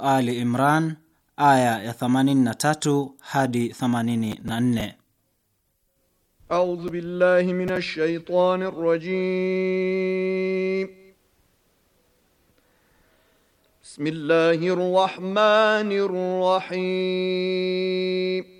Ali Imran aya ya 83 hadi 84. A'udhu billahi minash shaitanir rajim. Bismillahir rahmanir rahim.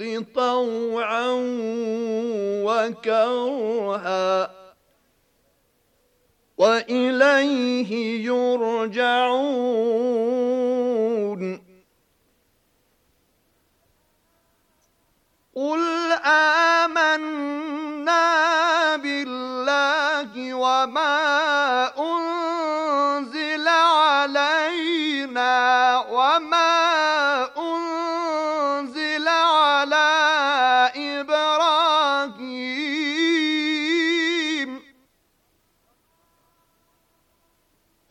الأرض طوعا وكرها وإليه يرجعون قل آمنا بالله وما أنزل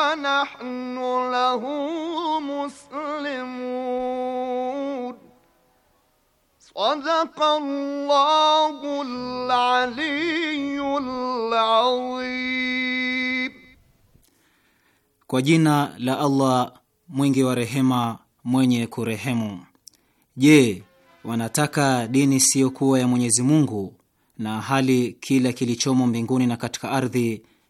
ونحن له مسلمون صدق الله العلي العظيم Kwa jina la Allah mwingi wa rehema mwenye kurehemu. Je, wanataka dini siyokuwa ya Mwenyezi Mungu na hali kila kilichomo mbinguni na katika ardhi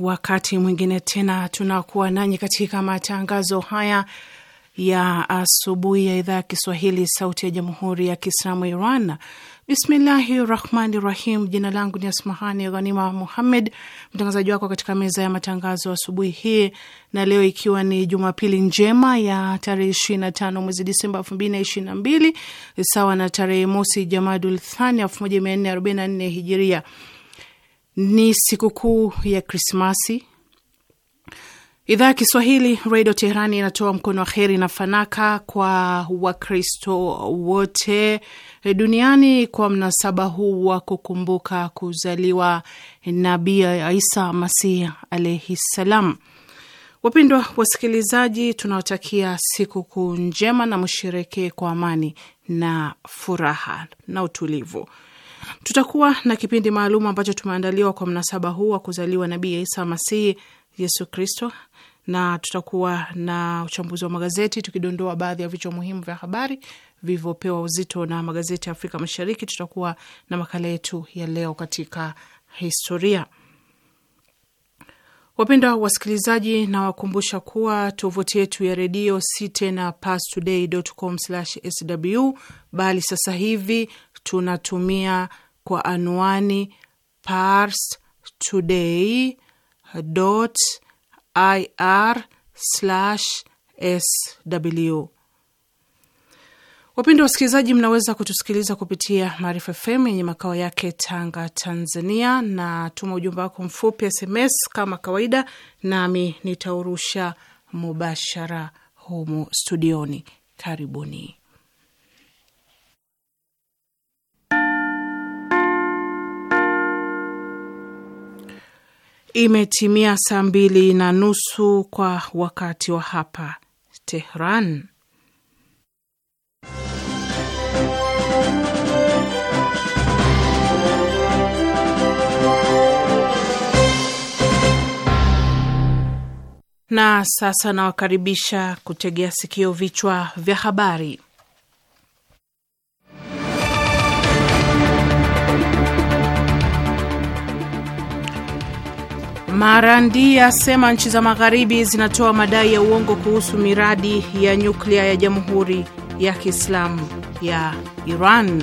wakati mwingine tena tunakuwa nanyi katika matangazo haya ya asubuhi ya idhaa ya Kiswahili sauti ya jamhuri ya Kiislamu Iran. Bismillahi rahmani rahim. Jina langu ni Asmahani Ghanima Muhammed, mtangazaji wako katika meza ya matangazo asubuhi hii, na leo ikiwa ni Jumapili njema ya tarehe ishirini na tano mwezi Disemba elfu mbili na ishirini na mbili sawa na tarehe mosi Jamadul Thani elfu moja mia nne arobaini na nne hijiria ni sikukuu ya Krismasi. Idhaa ya Kiswahili Redio Teherani inatoa mkono wa heri na fanaka kwa Wakristo wote duniani kwa mnasaba huu wa kukumbuka kuzaliwa Nabii Isa Masihi alaihi ssalam. Wapendwa wasikilizaji, tunawatakia sikukuu njema na msherekee kwa amani na furaha na utulivu. Tutakuwa na kipindi maalum ambacho tumeandaliwa kwa mnasaba huu wa kuzaliwa Nabii Isa Masihi Yesu Kristo, na tutakuwa na uchambuzi wa magazeti tukidondoa baadhi ya vichwa muhimu vya habari vilivyopewa uzito na magazeti ya Afrika Mashariki. Tutakuwa na makala yetu ya leo katika historia. Wapenda wasikilizaji, nawakumbusha kuwa tovuti yetu ya redio si tena pastoday.com/sw, bali sasa hivi tunatumia kwa anwani pars ir sw Wapendwa wasikilizaji, mnaweza kutusikiliza kupitia Maarifa FM yenye makao yake Tanga, Tanzania, na tuma ujumbe wako mfupi SMS kama kawaida, nami nitaurusha mubashara humu studioni. Karibuni. Imetimia saa mbili na nusu kwa wakati wa hapa Tehran. Na sasa nawakaribisha kutegea sikio vichwa vya habari. Marandi asema nchi za magharibi zinatoa madai ya uongo kuhusu miradi ya nyuklia ya Jamhuri ya Kiislamu ya Iran.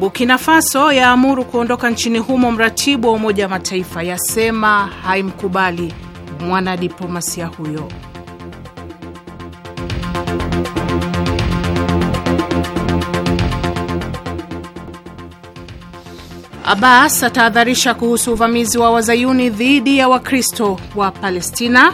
Burkina Faso yaamuru kuondoka nchini humo mratibu wa Umoja wa Mataifa, yasema haimkubali mwanadiplomasia huyo. Abbas atahadharisha kuhusu uvamizi wa wazayuni dhidi ya wakristo wa Palestina.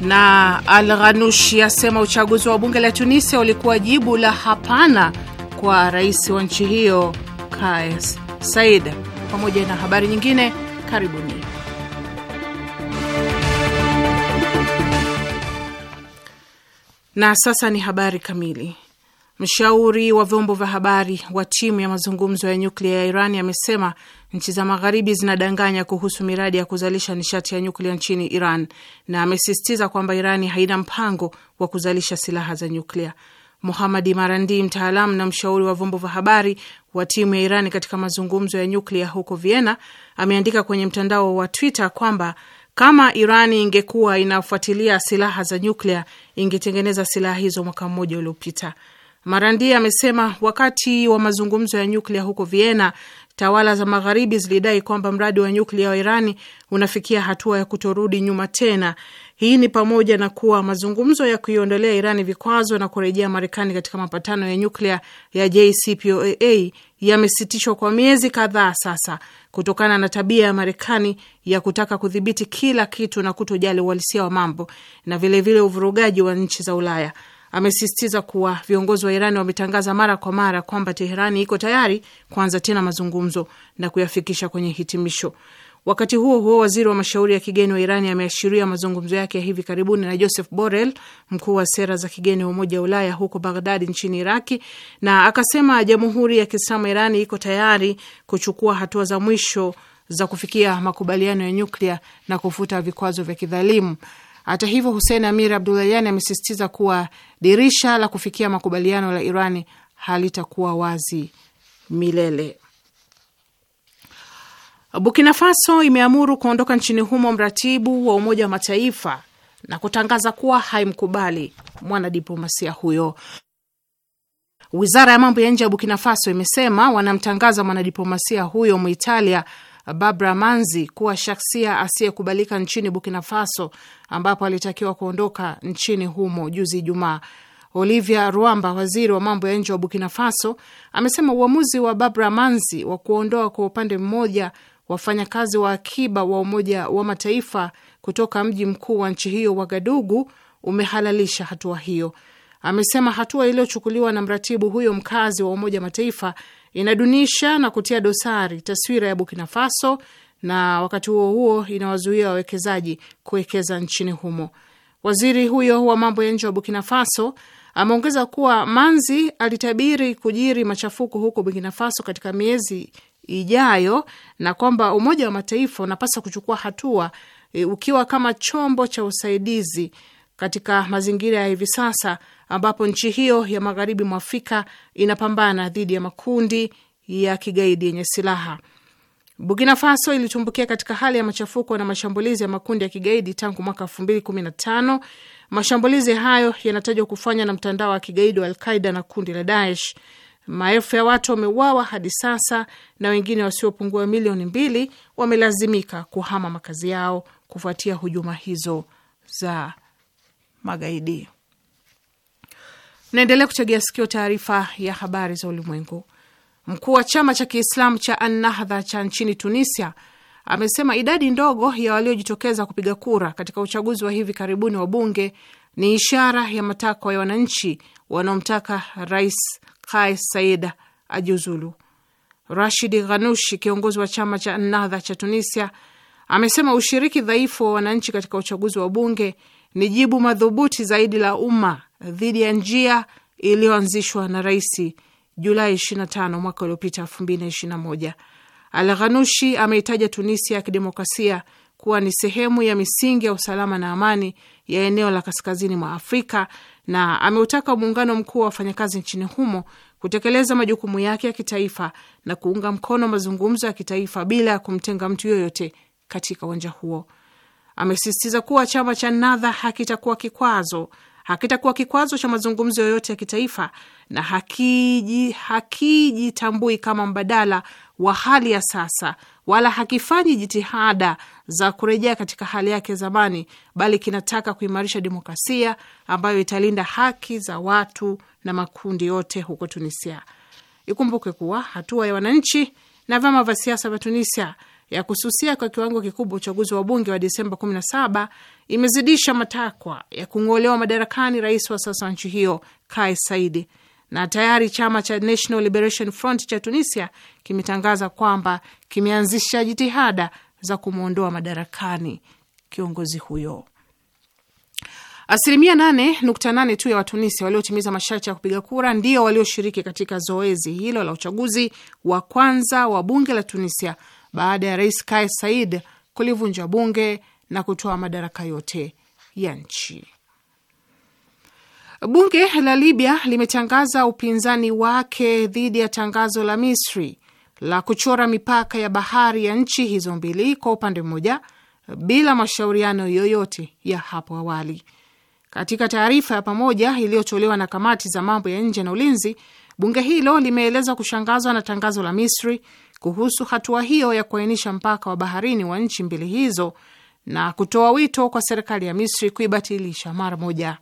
Na Al Ghanushi asema uchaguzi wa bunge la Tunisia ulikuwa jibu la hapana kwa rais wa nchi hiyo Kais Saied. Pamoja na habari nyingine, karibuni. Na sasa ni habari kamili. Mshauri wa vyombo vya habari wa timu ya mazungumzo ya nyuklia ya Iran amesema nchi za magharibi zinadanganya kuhusu miradi ya kuzalisha nishati ya nyuklia nchini Iran, na amesisitiza kwamba Irani haina mpango wa kuzalisha silaha za nyuklia. muhamadi Marandi, mtaalamu na mshauri wa vyombo vya habari wa timu ya Irani katika mazungumzo ya nyuklia huko Vienna, ameandika kwenye mtandao wa Twitter kwamba kama Irani ingekuwa inafuatilia silaha za nyuklia ingetengeneza silaha hizo mwaka mmoja uliopita, Marandi amesema. Wakati wa mazungumzo ya nyuklia huko Vienna, tawala za magharibi zilidai kwamba mradi wa nyuklia wa Irani unafikia hatua ya kutorudi nyuma tena. Hii ni pamoja na kuwa mazungumzo ya kuiondolea Irani vikwazo na kurejea Marekani katika mapatano ya nyuklia ya JCPOA yamesitishwa kwa miezi kadhaa sasa kutokana na tabia ya Marekani ya kutaka kudhibiti kila kitu na kutojali uhalisia wa mambo na vilevile uvurugaji wa nchi za Ulaya. Amesisitiza kuwa viongozi wa Irani wametangaza mara kwa mara kwamba Teherani iko tayari kuanza tena mazungumzo na kuyafikisha kwenye hitimisho. Wakati huo huo, waziri wa mashauri ya kigeni wa Irani ameashiria mazungumzo yake ya hivi karibuni na Joseph Borrell, mkuu wa sera za kigeni wa Umoja wa Ulaya huko Baghdadi nchini Iraki, na akasema Jamhuri ya Kiislamu Irani iko tayari kuchukua hatua za mwisho za kufikia makubaliano ya nyuklia na kufuta vikwazo vya kidhalimu. Hata hivyo, Hussein Amir Abdulayani amesisitiza kuwa dirisha la kufikia makubaliano la Irani halitakuwa wazi milele. Burkina Faso imeamuru kuondoka nchini humo mratibu wa Umoja wa Mataifa na kutangaza kuwa haimkubali mwanadiplomasia huyo. Wizara ya mambo ya nje ya Burkina Faso imesema wanamtangaza mwanadiplomasia huyo Muitalia Babra Manzi kuwa shaksia asiyekubalika nchini Burkina Faso, ambapo alitakiwa kuondoka nchini humo juzi Ijumaa. Olivia Ruamba, waziri wa mambo ya nje wa Burkina Faso, amesema uamuzi wa Babra Manzi wa kuondoa kwa upande mmoja wafanyakazi wa akiba wa Umoja wa Mataifa kutoka mji mkuu wa nchi hiyo Wagadugu umehalalisha hatua hiyo. Amesema hatua iliyochukuliwa na mratibu huyo mkazi wa Umoja Mataifa inadunisha na kutia dosari taswira ya Burkina Faso na wakati huo huo inawazuia wawekezaji kuwekeza nchini humo. Waziri huyo wa mambo ya nje wa Burkina Faso ameongeza kuwa Manzi alitabiri kujiri machafuko huko Burkina Faso katika miezi ijayo na kwamba Umoja wa Mataifa unapaswa kuchukua hatua e, ukiwa kama chombo cha usaidizi katika mazingira ya hivi sasa ambapo nchi hiyo ya magharibi mwa Afrika inapambana dhidi ya makundi ya kigaidi yenye silaha. Burkina Faso ilitumbukia katika hali ya machafuko na mashambulizi ya makundi ya kigaidi tangu mwaka tano. Mashambulizi hayo yanatajwa kufanywa na mtandao wa kigaidi wa Alqaida na kundi la Daesh. Maelfu ya watu wameuawa hadi sasa na wengine wasiopungua milioni mbili wamelazimika kuhama makazi yao kufuatia hujuma hizo za magaidi. Naendelea kutegea sikio taarifa ya habari za ulimwengu. Mkuu wa chama cha Kiislamu cha Annahdha cha nchini Tunisia amesema idadi ndogo ya waliojitokeza kupiga kura katika uchaguzi wa hivi karibuni wa bunge ni ishara ya matakwa ya wananchi wanaomtaka rais Kais Saida ajiuzulu. Rashidi Ghanushi, kiongozi wa chama cha nadha cha Tunisia, amesema ushiriki dhaifu wa wananchi katika uchaguzi wa bunge ni jibu madhubuti zaidi la umma dhidi ya njia iliyoanzishwa na rais Julai 25 mwaka uliopita 2021. Al Ghanushi ameitaja Tunisia ya kidemokrasia kuwa ni sehemu ya misingi ya usalama na amani ya eneo la kaskazini mwa Afrika na ameutaka muungano mkuu wa wafanyakazi nchini humo kutekeleza majukumu yake ya kitaifa na kuunga mkono mazungumzo ya kitaifa bila ya kumtenga mtu yoyote katika uwanja huo. Amesisitiza kuwa chama cha Nadha hakitakuwa kikwazo, hakitakuwa kikwazo cha mazungumzo yoyote ya kitaifa na hakijitambui haki kama mbadala wa hali ya sasa, wala hakifanyi jitihada za kurejea katika hali yake zamani, bali kinataka kuimarisha demokrasia ambayo italinda haki za watu na makundi yote huko Tunisia. Ikumbuke kuwa hatua ya wananchi na vyama vya siasa vya Tunisia ya kususia kwa kiwango kikubwa uchaguzi wa bunge wa Disemba 17 imezidisha matakwa ya kung'olewa madarakani rais wa sasa wa nchi hiyo Kais Saidi na tayari chama cha National Liberation Front cha Tunisia kimetangaza kwamba kimeanzisha jitihada za kumwondoa madarakani kiongozi huyo. Asilimia 8.8 tu ya Watunisia waliotimiza masharti ya kupiga kura ndio walioshiriki katika zoezi hilo la uchaguzi wa kwanza wa bunge la Tunisia baada ya rais Kais Saied kulivunja bunge na kutoa madaraka yote ya nchi. Bunge la Libya limetangaza upinzani wake dhidi ya tangazo la Misri la kuchora mipaka ya bahari ya nchi hizo mbili kwa upande mmoja bila mashauriano yoyote ya hapo awali. Katika taarifa ya pamoja iliyotolewa na kamati za mambo ya nje na ulinzi, bunge hilo limeeleza kushangazwa na tangazo la Misri kuhusu hatua hiyo ya kuainisha mpaka wa baharini wa nchi mbili hizo na kutoa wito kwa serikali ya Misri kuibatilisha mara moja.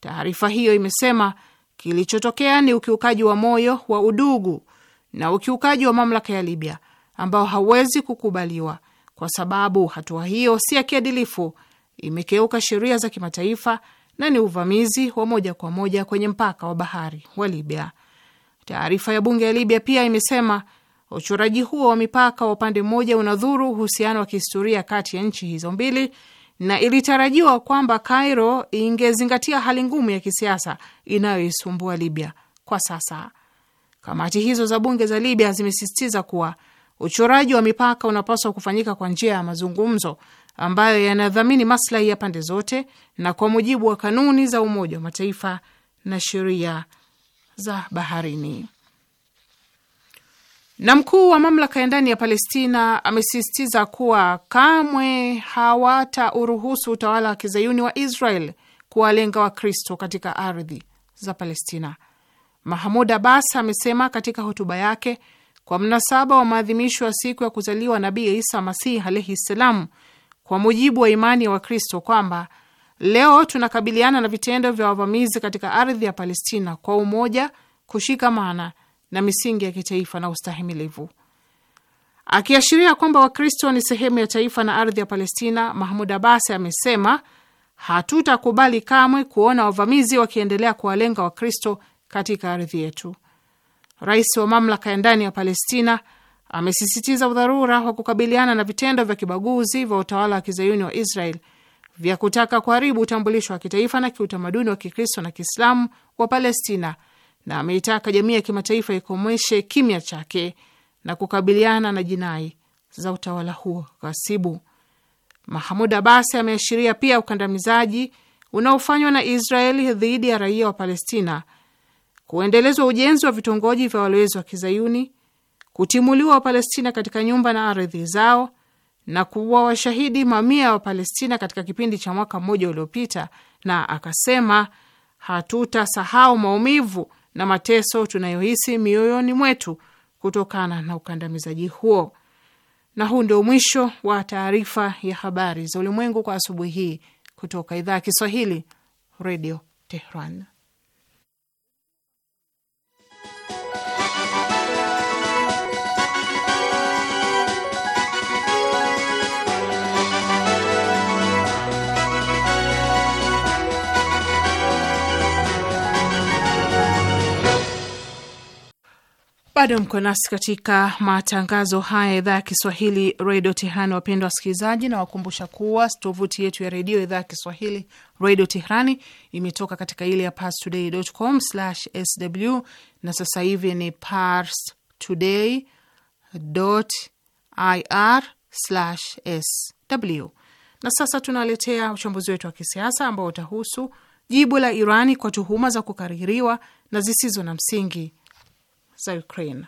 Taarifa hiyo imesema kilichotokea ni ukiukaji wa moyo wa udugu na ukiukaji wa mamlaka ya Libya ambao hauwezi kukubaliwa kwa sababu hatua hiyo si ya kiadilifu, imekeuka sheria za kimataifa na ni uvamizi wa moja kwa moja kwenye mpaka wa bahari wa Libya. Taarifa ya bunge ya Libya pia imesema uchoraji huo wa mipaka wa upande mmoja unadhuru uhusiano wa kihistoria kati ya nchi hizo mbili na ilitarajiwa kwamba Cairo ingezingatia hali ngumu ya kisiasa inayoisumbua Libya kwa sasa. Kamati hizo za bunge za Libya zimesisitiza kuwa uchoraji wa mipaka unapaswa kufanyika kwa njia ya mazungumzo ambayo yanadhamini maslahi ya pande zote na kwa mujibu wa kanuni za Umoja wa Mataifa na sheria za baharini. Na mkuu wa mamlaka ya ndani ya Palestina amesisitiza kuwa kamwe hawata uruhusu utawala wa kizayuni wa Israel kuwalenga Wakristo katika ardhi za Palestina. Mahmud Abbas amesema katika hotuba yake kwa mnasaba wa maadhimisho ya siku ya kuzaliwa Nabii Isa Masih alaihi ssalam, kwa mujibu wa imani ya wa Wakristo kwamba leo tunakabiliana na vitendo vya wavamizi katika ardhi ya Palestina kwa umoja, kushikamana na misingi ya kitaifa na ustahimilivu. Akiashiria kwamba Wakristo ni sehemu ya taifa na ardhi ya Palestina, Mahmud Abbas amesema hatutakubali kamwe kuona wavamizi wakiendelea kuwalenga Wakristo katika ardhi yetu. Rais wa mamlaka ya ndani ya Palestina amesisitiza udharura wa kukabiliana na vitendo vya kibaguzi vya utawala wa kizayuni wa Israel vya kutaka kuharibu utambulisho wa kitaifa na kiutamaduni wa Kikristo na Kiislamu wa Palestina na ameitaka jamii ya kimataifa ikomeshe kimya chake na kukabiliana na jinai za utawala huo ghasibu. Mahmud Abbas ameashiria pia ukandamizaji unaofanywa na Israeli dhidi ya raia wa Palestina, kuendelezwa ujenzi wa vitongoji vya walowezi wa Kizayuni, kutimuliwa Wapalestina katika nyumba na ardhi zao na kuwa washahidi mamia wa Wapalestina katika kipindi cha mwaka mmoja uliopita, na akasema hatutasahau maumivu na mateso tunayohisi mioyoni mwetu kutokana na ukandamizaji huo. Na huu ndio mwisho wa taarifa ya habari za ulimwengu kwa asubuhi hii kutoka idhaa ya Kiswahili, Redio Tehran. Bado mko nasi katika matangazo haya ya idhaa ya Kiswahili redio Tehrani, wapendwa wasikilizaji, na wakumbusha kuwa tovuti yetu ya redio idhaa ya Kiswahili redio Tehrani imetoka katika ile ya parstoday.com sw, na sasa hivi ni parstoday.ir sw. Na sasa tunaletea uchambuzi wetu wa kisiasa ambao utahusu jibu la Irani kwa tuhuma za kukaririwa na zisizo na msingi za Ukraine.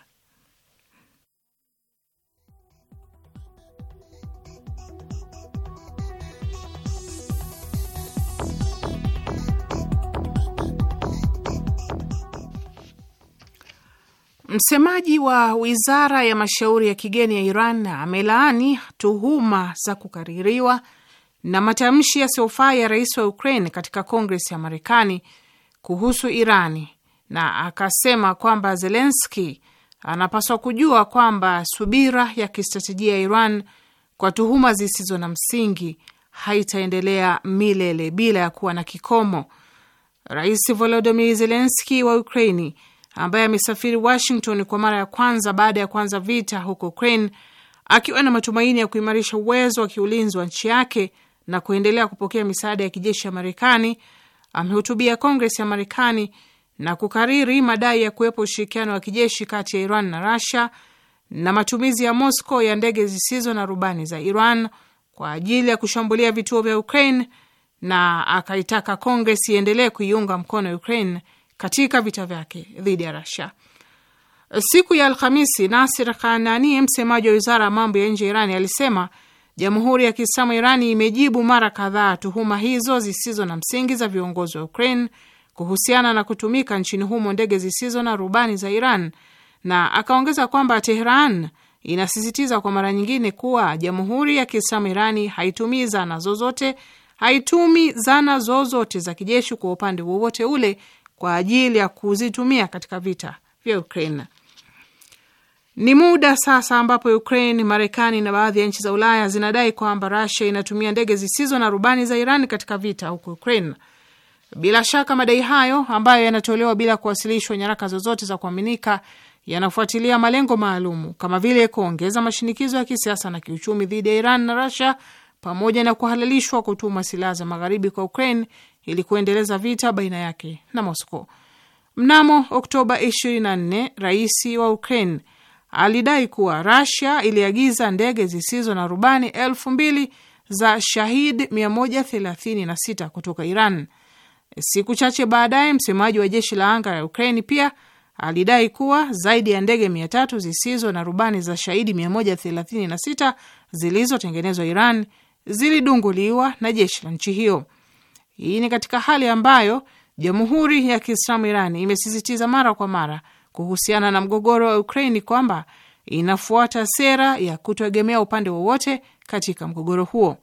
Msemaji wa wizara ya mashauri ya kigeni ya Iran amelaani tuhuma za kukaririwa na matamshi yasiyofaa ya rais wa Ukraine katika Kongres ya Marekani kuhusu Irani na akasema kwamba Zelenski anapaswa kujua kwamba subira ya kistratejia ya Iran kwa tuhuma zisizo na msingi haitaendelea milele bila ya kuwa na kikomo. Rais volodomir Zelenski wa Ukraini, ambaye amesafiri Washington kwa mara ya kwanza baada ya kuanza vita huko Ukraine, akiwa na matumaini ya kuimarisha uwezo wa kiulinzi wa nchi yake na kuendelea kupokea misaada ya kijeshi ya Marekani, amehutubia Kongres ya Marekani na kukariri madai ya kuwepo ushirikiano wa kijeshi kati ya Iran na Rasia na matumizi ya Moscow ya ndege zisizo na rubani za Iran kwa ajili ya kushambulia vituo vya Ukraine na akaitaka Kongres iendelee kuiunga mkono Ukraine katika vita vyake dhidi ya Rasia. Siku ya Alhamisi, Nasir Kanani, msemaji wa wizara ya mambo ya nje ya Irani, alisema jamhuri ya Kiislamu Irani imejibu mara kadhaa tuhuma hizo zisizo na msingi za viongozi wa Ukraine kuhusiana na kutumika nchini humo ndege zisizo na rubani za Iran, na akaongeza kwamba Tehran inasisitiza kwa mara nyingine kuwa Jamhuri ya Kiislamu Irani haitumii zana zozote, haitumi zana zozote za kijeshi kwa upande wowote ule kwa ajili ya kuzitumia katika vita vya Ukraine. Ni muda sasa ambapo Ukraine, Marekani na baadhi ya nchi za Ulaya zinadai kwamba Russia inatumia ndege zisizo na rubani za Iran katika vita huko Ukraine. Bila shaka madai hayo ambayo yanatolewa bila kuwasilishwa nyaraka zozote za kuaminika yanafuatilia malengo maalumu kama vile kuongeza mashinikizo ya kisiasa na kiuchumi dhidi ya Iran na rusia pamoja na kuhalalishwa kutuma silaha za magharibi kwa Ukraine ili kuendeleza vita baina yake na Moscow. Mnamo Oktoba 24, rais wa Ukraine alidai kuwa rusia iliagiza ndege zisizo na rubani elfu mbili za Shahid 136 kutoka Iran Siku chache baadaye, msemaji wa jeshi la anga la Ukraini pia alidai kuwa zaidi ya ndege mia tatu zisizo na rubani za shahidi 136 zilizotengenezwa Iran zilidunguliwa na jeshi la nchi hiyo. Hii ni katika hali ambayo Jamhuri ya Kiislamu Iran imesisitiza mara kwa mara kuhusiana na mgogoro wa Ukraini kwamba inafuata sera ya kutoegemea upande wowote katika mgogoro huo.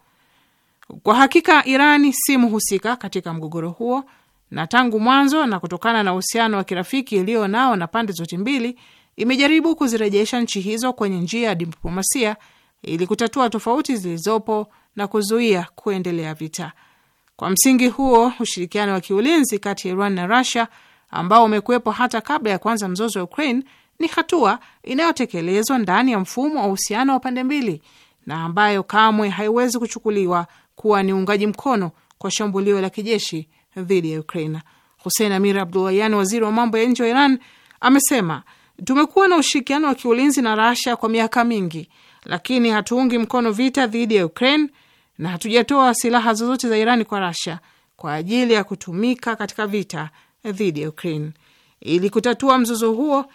Kwa hakika Irani si mhusika katika mgogoro huo, na tangu mwanzo na kutokana na uhusiano wa kirafiki iliyo nao na pande zote mbili, imejaribu kuzirejesha nchi hizo kwenye njia ya diplomasia ili kutatua tofauti zilizopo na kuzuia kuendelea vita. Kwa msingi huo, ushirikiano wa kiulinzi kati ya Iran na rusia ambao umekuwepo hata kabla ya kuanza mzozo wa Ukraine ni hatua inayotekelezwa ndani ya mfumo wa uhusiano wa pande mbili na ambayo kamwe haiwezi kuchukuliwa kuwa ni uungaji mkono kwa shambulio la kijeshi dhidi ya Ukraina. husen Amir Abdulayan, waziri wa mambo ya nje wa Iran, amesema tumekuwa na ushirikiano wa kiulinzi na Rasha kwa miaka mingi, lakini hatuungi mkono vita dhidi ya Ukraine na hatujatoa silaha zozote za Irani kwa Rasha kwa ajili ya kutumika katika vita dhidi ya Ukraine. Ili kutatua mzozo huo,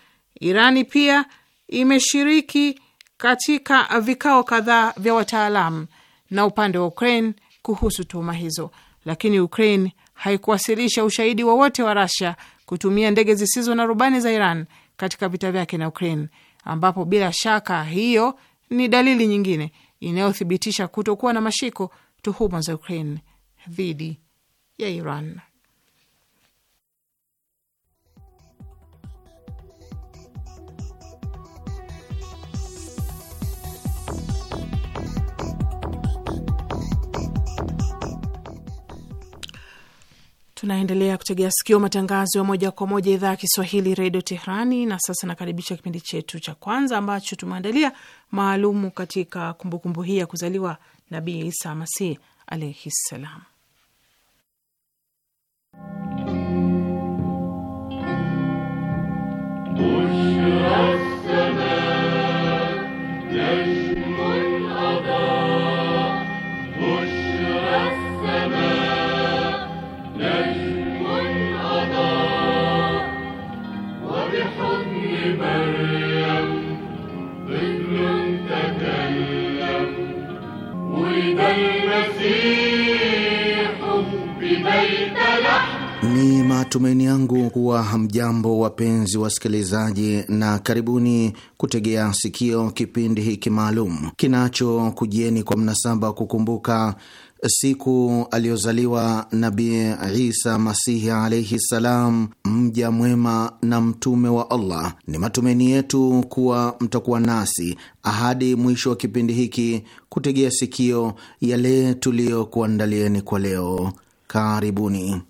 Irani pia imeshiriki katika vikao kadhaa vya wataalamu na upande wa Ukraine kuhusu tuhuma hizo, lakini Ukraine haikuwasilisha ushahidi wowote wa, wa Russia kutumia ndege zisizo na rubani za Iran katika vita vyake na Ukraine, ambapo bila shaka hiyo ni dalili nyingine inayothibitisha kutokuwa na mashiko tuhuma za Ukraine dhidi ya Iran. Tunaendelea kutegea sikio matangazo ya moja kwa moja idhaa ya Kiswahili redio Tehrani. Na sasa nakaribisha kipindi chetu cha kwanza ambacho tumeandalia maalumu katika kumbukumbu hii ya kuzaliwa Nabii Isa Masih alaihi ssalam. kuwa hamjambo, wapenzi wasikilizaji, na karibuni kutegea sikio kipindi hiki maalum kinachokujieni kwa mnasaba wa kukumbuka siku aliyozaliwa Nabii Isa Masihi alaihi ssalam, mja mwema na mtume wa Allah. Ni matumaini yetu kuwa mtakuwa nasi ahadi mwisho wa kipindi hiki kutegea sikio yale tuliyokuandalieni kwa leo. Karibuni.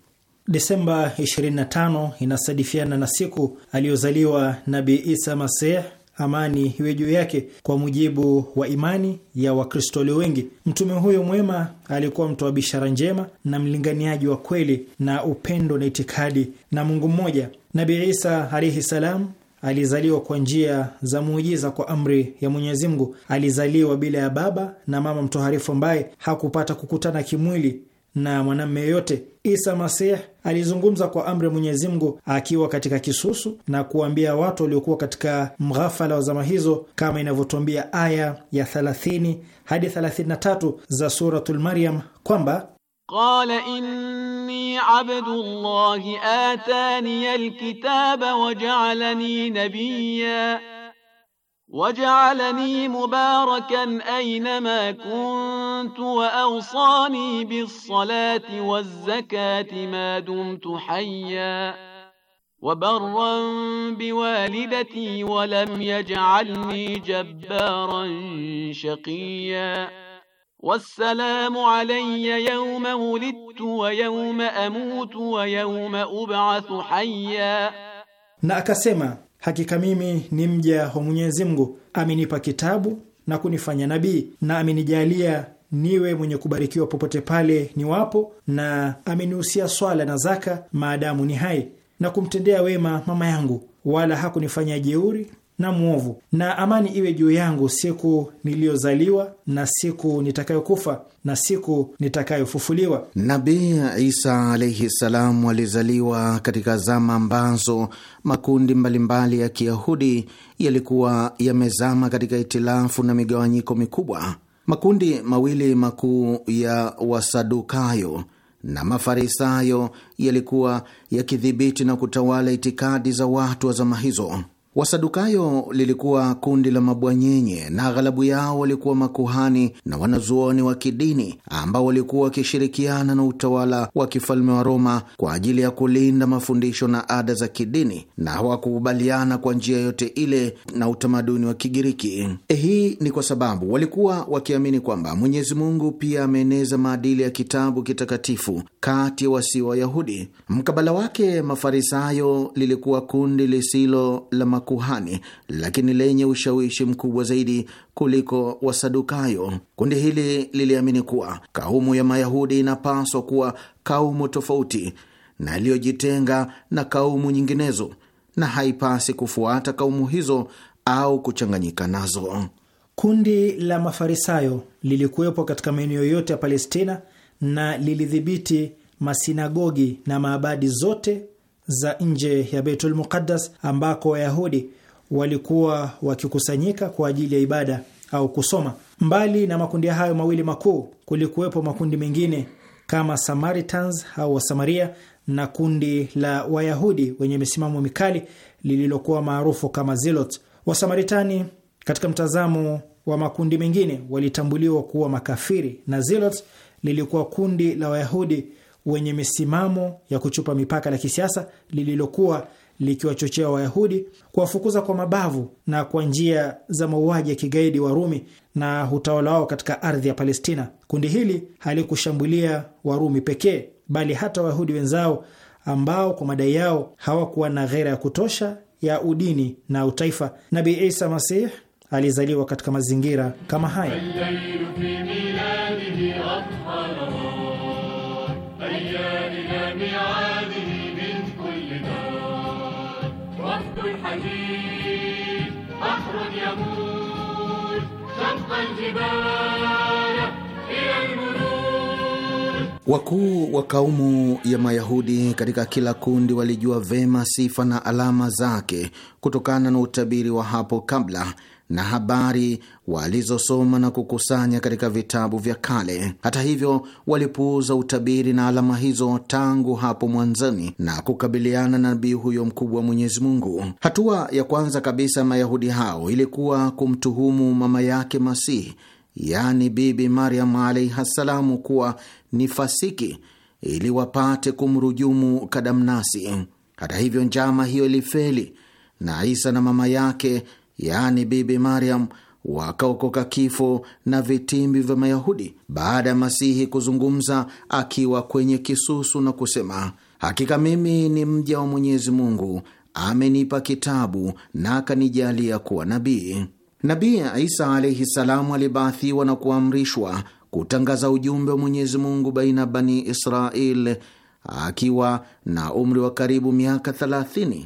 Desemba 25 inasadifiana na siku aliyozaliwa Nabi Isa Masih, amani iwe juu yake. Kwa mujibu wa imani ya Wakristo walio wengi, mtume huyo mwema alikuwa mtoa bishara njema na mlinganiaji wa kweli na upendo na itikadi na Mungu mmoja. Nabi Isa alaihi salam alizaliwa kwa njia za muujiza kwa amri ya Mwenyezi Mungu. Alizaliwa bila ya baba na mama mtoharifu ambaye hakupata kukutana kimwili na mwanamme yoyote Isa Masih alizungumza kwa amri ya Mwenyezi Mungu akiwa katika kisusu na kuwaambia watu waliokuwa katika mghafala wa zama hizo, kama inavyotuambia aya ya 30 hadi 33 za Suratul Maryam kwamba Qala inni abdullahi atani alkitaba waja'alani nabiyya وجعلني مباركا أينما كنت وأوصاني بالصلاة والزكاة ما دمت حيا وبرا بوالدتي ولم يجعلني جبارا شقيا والسلام علي يوم ولدت ويوم أموت ويوم أبعث حيا Hakika mimi ni mja wa Mwenyezi Mungu, amenipa kitabu na kunifanya nabii, na amenijalia niwe mwenye kubarikiwa popote pale niwapo, na amenihusia swala na zaka maadamu ni hai, na kumtendea wema mama yangu, wala hakunifanya jeuri na mwovu, na amani iwe juu yangu siku niliyozaliwa na siku nitakayokufa na siku nitakayofufuliwa. Nabii Isa alaihi salamu alizaliwa katika zama ambazo makundi mbalimbali ya Kiyahudi yalikuwa yamezama katika itilafu na migawanyiko mikubwa. Makundi mawili makuu ya Wasadukayo na Mafarisayo yalikuwa yakidhibiti na kutawala itikadi za watu wa zama hizo. Wasadukayo lilikuwa kundi la mabwanyenye na aghalabu yao walikuwa makuhani na wanazuoni wa kidini ambao walikuwa wakishirikiana na utawala wa kifalme wa Roma kwa ajili ya kulinda mafundisho na ada za kidini na hawakukubaliana kwa njia yote ile na utamaduni wa Kigiriki. Eh, hii ni kwa sababu walikuwa wakiamini kwamba Mwenyezi Mungu pia ameeneza maadili ya kitabu kitakatifu kati ya wasio Wayahudi. Mkabala wake, Mafarisayo lilikuwa kundi lisilo la makuhani, lakini lenye ushawishi mkubwa zaidi kuliko Wasadukayo. Kundi hili liliamini kuwa kaumu ya Mayahudi inapaswa kuwa kaumu tofauti na iliyojitenga na kaumu nyinginezo, na haipasi kufuata kaumu hizo au kuchanganyika nazo. Kundi la Mafarisayo lilikuwepo katika maeneo yote ya Palestina na lilidhibiti masinagogi na maabadi zote za nje ya Beitul Muqaddas ambako Wayahudi walikuwa wakikusanyika kwa ajili ya ibada au kusoma. Mbali na makundi hayo mawili makuu, kulikuwepo makundi mengine kama Samaritans au Wasamaria na kundi la Wayahudi wenye misimamo mikali lililokuwa maarufu kama Zealots. Wasamaritani katika mtazamo wa makundi mengine walitambuliwa kuwa makafiri na Zealots lilikuwa kundi la Wayahudi wenye misimamo ya kuchupa mipaka la kisiasa lililokuwa likiwachochea Wayahudi kuwafukuza kwa mabavu na kwa njia za mauaji ya kigaidi Warumi na utawala wao katika ardhi ya Palestina. Kundi hili halikushambulia Warumi pekee, bali hata Wayahudi wenzao ambao kwa madai yao hawakuwa na ghera ya kutosha ya udini na utaifa. Nabi Isa Masih alizaliwa katika mazingira kama haya. بحر الجبال إلى Wakuu wa kaumu ya Mayahudi katika kila kundi walijua vema sifa na alama zake kutokana na utabiri wa hapo kabla na habari walizosoma na kukusanya katika vitabu vya kale. Hata hivyo, walipuuza utabiri na alama hizo tangu hapo mwanzoni na kukabiliana na nabii huyo mkubwa wa Mwenyezi Mungu. Hatua ya kwanza kabisa Mayahudi hao ilikuwa kumtuhumu mama yake Masihi, yaani Bibi Maryam alaihi ssalamu, kuwa ni fasiki ili wapate kumrujumu kadamnasi. Hata hivyo, njama hiyo ilifeli na Isa na mama yake yaani Bibi Mariam wakaokoka kifo na vitimbi vya Mayahudi baada ya Masihi kuzungumza akiwa kwenye kisusu na kusema, hakika mimi ni mja wa Mwenyezi Mungu, amenipa kitabu na akanijalia kuwa nabii. Nabii Isa alaihi salamu alibaathiwa na kuamrishwa kutangaza ujumbe wa Mwenyezi Mungu baina ya Bani Israel akiwa na umri wa karibu miaka 30.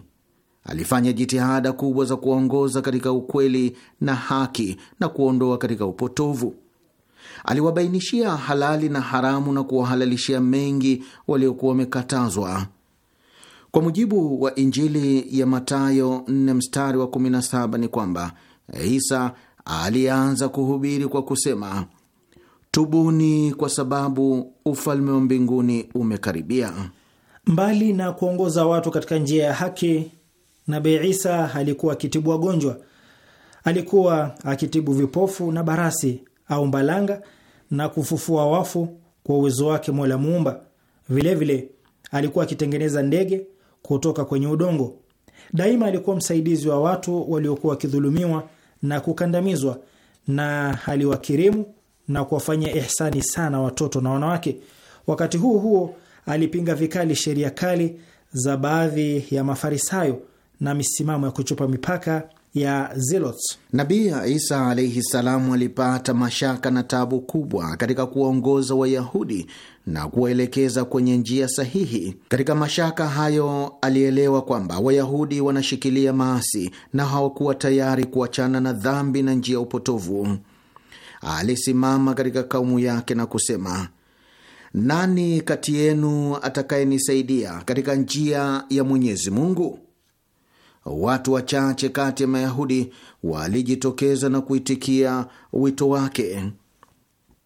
Alifanya jitihada kubwa za kuwaongoza katika ukweli na haki na kuondoa katika upotovu. Aliwabainishia halali na haramu na kuwahalalishia mengi waliokuwa wamekatazwa. Kwa mujibu wa Injili ya Matayo 4 mstari wa 17 ni kwamba Isa alianza kuhubiri kwa kusema, tubuni kwa sababu ufalme wa mbinguni umekaribia. Mbali na kuongoza watu katika njia ya haki, Nabii Isa alikuwa akitibu wagonjwa. Alikuwa akitibu vipofu na barasi au mbalanga na kufufua wafu kwa uwezo wake Mola Muumba. Vilevile alikuwa akitengeneza ndege kutoka kwenye udongo. Daima alikuwa msaidizi wa watu waliokuwa wakidhulumiwa na kukandamizwa, na aliwakirimu na kuwafanyia ihsani sana watoto na wanawake. Wakati huo huo, alipinga vikali sheria kali za baadhi ya Mafarisayo na misimamo ya kuchupa mipaka ya zealots. Nabii Isa alaihi salamu alipata mashaka na tabu kubwa katika kuwaongoza Wayahudi na kuwaelekeza kwenye njia sahihi. Katika mashaka hayo, alielewa kwamba Wayahudi wanashikilia maasi na hawakuwa tayari kuachana na dhambi na njia ya upotovu. Alisimama katika kaumu yake na kusema, nani kati yenu atakayenisaidia katika njia ya Mwenyezi Mungu? watu wachache kati ya Mayahudi walijitokeza na kuitikia wito wake.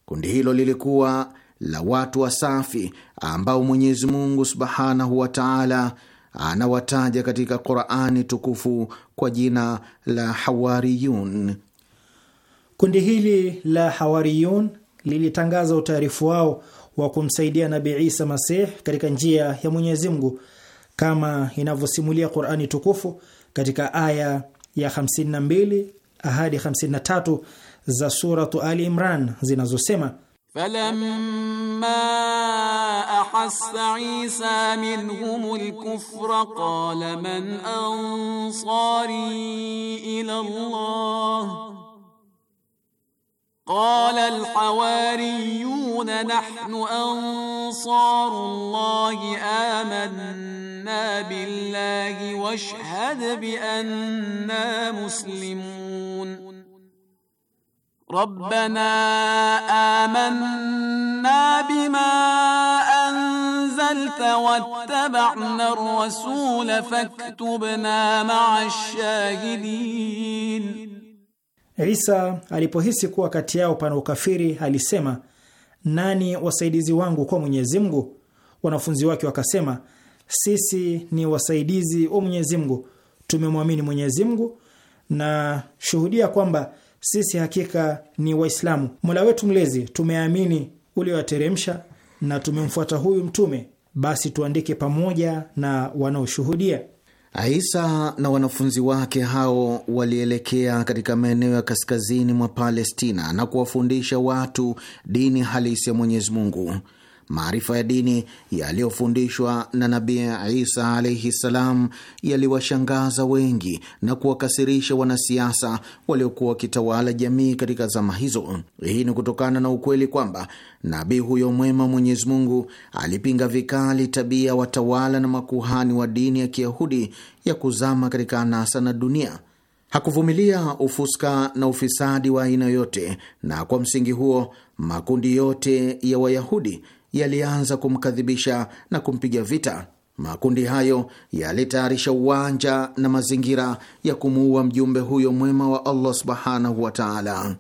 Kundi hilo lilikuwa la watu wasafi ambao Mwenyezi Mungu subhanahu wa taala anawataja katika Qurani tukufu kwa jina la Hawariyun. Kundi hili la Hawariyun lilitangaza utaarifu wao wa kumsaidia Nabi Isa Masih katika njia ya Mwenyezi Mungu kama inavyosimulia Qur'ani tukufu katika aya ya 52 hadi 53 za suratu Ali Imran zinazosema Falamma ahassa Isa minhum al qala man ansari ila Allah قال الحواريون نحن أنصار الله آمنا بالله واشهد بأننا مسلمون ربنا آمنا بما أنزلت واتبعنا الرسول فاكتبنا مع الشاهدين Isa alipohisi kuwa kati yao pana ukafiri, alisema nani wasaidizi wangu kwa Mwenyezi Mungu? Wanafunzi wake wakasema, sisi ni wasaidizi wa Mwenyezi Mungu, tumemwamini Mwenyezi Mungu na shuhudia kwamba sisi hakika ni Waislamu. Mola wetu Mlezi, tumeamini uliowateremsha na tumemfuata huyu mtume, basi tuandike pamoja na wanaoshuhudia. Isa na wanafunzi wake hao walielekea katika maeneo ya kaskazini mwa Palestina na kuwafundisha watu dini halisi ya Mwenyezi Mungu. Maarifa ya dini yaliyofundishwa na Nabii Isa alaihi ssalam yaliwashangaza wengi na kuwakasirisha wanasiasa waliokuwa wakitawala jamii katika zama hizo. Hii ni kutokana na ukweli kwamba nabii huyo mwema Mwenyezi Mungu alipinga vikali tabia watawala na makuhani wa dini ya Kiyahudi ya kuzama katika anasa na dunia. Hakuvumilia ufuska na ufisadi wa aina yote, na kwa msingi huo makundi yote ya Wayahudi yalianza kumkadhibisha na kumpiga vita. Makundi hayo yalitayarisha uwanja na mazingira ya kumuua mjumbe huyo mwema wa Allah subhanahu wa taala.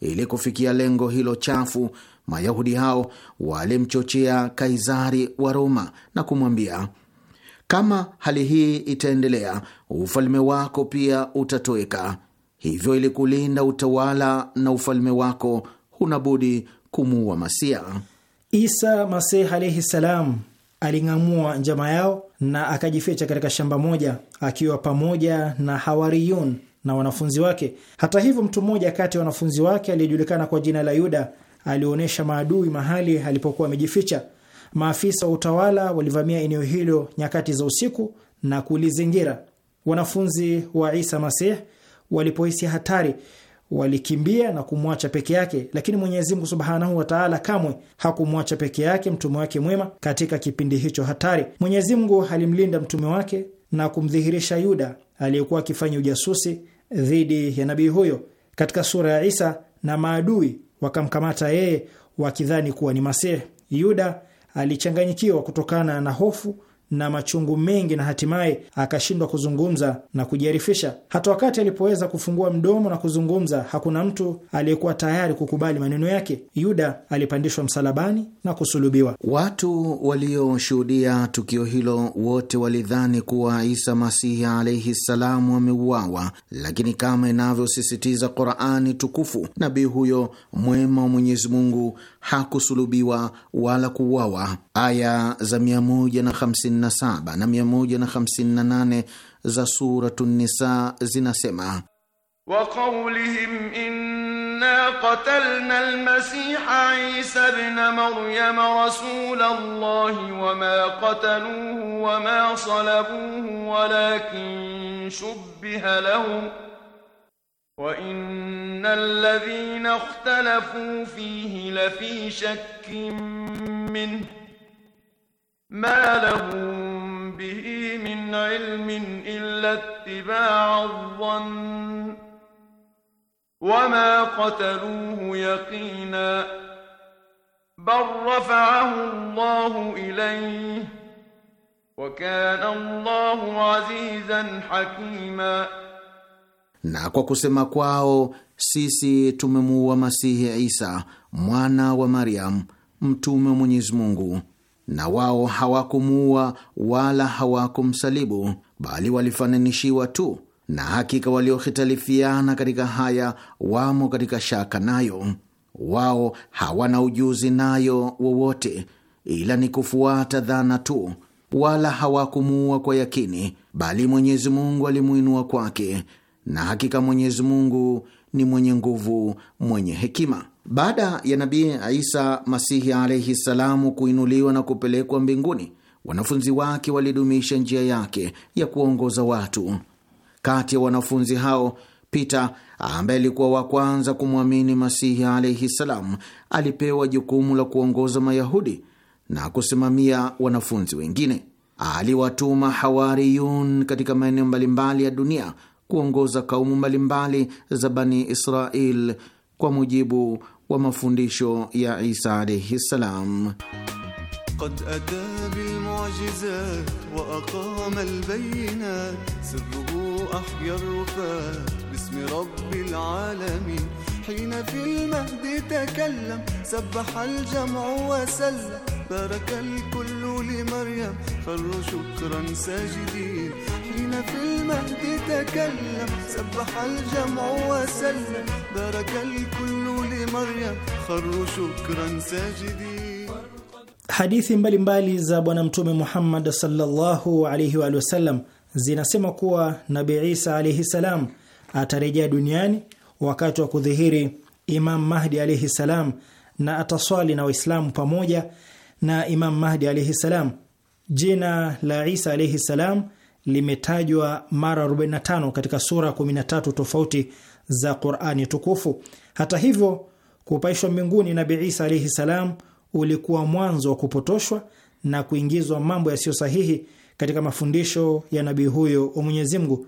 Ili kufikia lengo hilo chafu, Mayahudi hao walimchochea Kaisari wa Roma na kumwambia, kama hali hii itaendelea, ufalme wako pia utatoweka. Hivyo, ili kulinda utawala na ufalme wako, hunabudi kumuua Masia. Isa Masih alaihi salam aling'amua njama yao na akajificha katika shamba moja akiwa pamoja na hawariyun na wanafunzi wake. Hata hivyo, mtu mmoja kati ya wanafunzi wake aliyejulikana kwa jina la Yuda alionyesha maadui mahali alipokuwa amejificha. Maafisa wa utawala walivamia eneo hilo nyakati za usiku na kulizingira. Wanafunzi wa Isa Masih walipohisi hatari, walikimbia na kumwacha peke yake, lakini Mwenyezi Mungu subhanahu wa taala kamwe hakumwacha peke yake mtume wake mwema katika kipindi hicho hatari. Mwenyezi Mungu alimlinda mtume wake na kumdhihirisha Yuda aliyekuwa akifanya ujasusi dhidi ya nabii huyo katika sura ya Isa, na maadui wakamkamata yeye wakidhani kuwa ni Masihi. Yuda alichanganyikiwa kutokana na hofu na machungu mengi na hatimaye akashindwa kuzungumza na kujiarifisha. Hata wakati alipoweza kufungua mdomo na kuzungumza, hakuna mtu aliyekuwa tayari kukubali maneno yake. Yuda alipandishwa msalabani na kusulubiwa. Watu walioshuhudia tukio hilo wote walidhani kuwa Isa Masihi alaihi ssalamu ameuawa, lakini kama inavyosisitiza Qurani tukufu, nabii huyo mwema wa Mwenyezi Mungu hakusulubiwa wala kuuawa. Aya za 157 na 158 za Suratu Nisa zinasema wa qawlihim inna qatalna almasiha Isa ibn Maryam wama qataluhu wama salabuhu walakin shubbiha lahum وإن الذين اختلفوا فيه لفي شك منه ما لهم به من علم إلا اتباع الظن وما قتلوه يقينا بل رفعه الله إليه وكان الله عزيزا حكيما na kwa kusema kwao sisi tumemuua Masihi Isa mwana wa maryam mtume wa Mwenyezi Mungu, na wao hawakumuua wala hawakumsalibu, bali walifananishiwa tu, na hakika waliohitalifiana katika haya wamo katika shaka nayo. Wao hawana ujuzi nayo wowote, ila ni kufuata dhana tu wala hawakumuua kwa yakini, bali Mwenyezi Mungu alimuinua kwake na hakika Mwenyezi Mungu ni mwenye nguvu, mwenye hekima. Baada ya Nabii Isa Masihi alaihi salamu kuinuliwa na kupelekwa mbinguni, wanafunzi wake walidumisha njia yake ya kuongoza watu. Kati ya wanafunzi hao Peter ambaye alikuwa wa kwanza kumwamini Masihi alaihi salam alipewa jukumu la kuongoza Mayahudi na kusimamia wanafunzi wengine. Aliwatuma hawariyun katika maeneo mbalimbali ya dunia kuongoza kaumu mbalimbali za Bani Israil kwa mujibu wa mafundisho ya Isa alaihi ssalam. قد أتى بالمعجزات وأقام البينات سره أحيا الرفات باسم رب العالمين حين في المهد تكلم سبح الجمع وسلم بارك الكل لمريم خروا شكرا ساجدين حين في المهد تكلم سبح الجمع وسلم بارك الكل لمريم خروا شكرا ساجدين Hadithi mbalimbali mbali za Bwana Mtume Muhammad sallallahu alaihi wa sallam zinasema kuwa Nabi Isa alaihi salam atarejea duniani wakati wa kudhihiri Imam Mahdi alaihi salam na ataswali na Waislamu pamoja na Imam Mahdi alaihi salam. Jina la Isa alaihi salam limetajwa mara 45 katika sura 13 tofauti za Qurani tukufu. Hata hivyo, kupaishwa mbinguni Nabi Isa alaihi salam ulikuwa mwanzo wa kupotoshwa na kuingizwa mambo yasiyo sahihi katika mafundisho ya nabii huyo wa Mwenyezi Mungu.